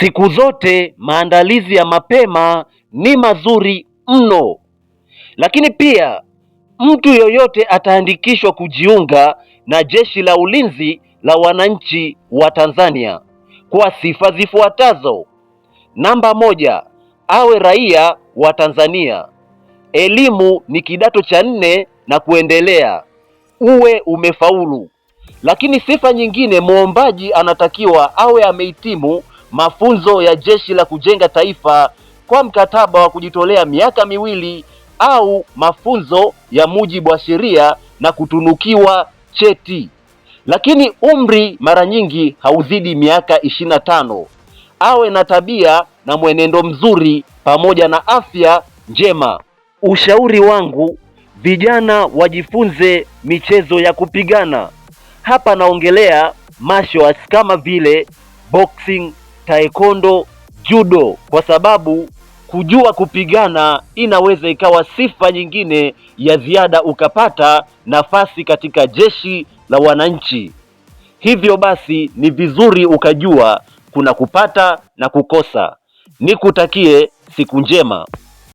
Siku zote maandalizi ya mapema ni mazuri mno, lakini pia mtu yoyote ataandikishwa kujiunga na Jeshi la Ulinzi la Wananchi wa Tanzania kwa sifa zifuatazo. Namba moja, awe raia wa Tanzania, elimu ni kidato cha nne na kuendelea, uwe umefaulu. Lakini sifa nyingine, mwombaji anatakiwa awe amehitimu mafunzo ya jeshi la kujenga taifa kwa mkataba wa kujitolea miaka miwili au mafunzo ya mujibu wa sheria na kutunukiwa cheti. Lakini umri mara nyingi hauzidi miaka ishirini na tano. Awe na tabia na mwenendo mzuri pamoja na afya njema. Ushauri wangu vijana wajifunze michezo ya kupigana. Hapa naongelea martial arts kama vile boxing taekwondo, judo, kwa sababu kujua kupigana inaweza ikawa sifa nyingine ya ziada ukapata nafasi katika jeshi la wananchi. Hivyo basi ni vizuri ukajua kuna kupata na kukosa. Nikutakie siku njema.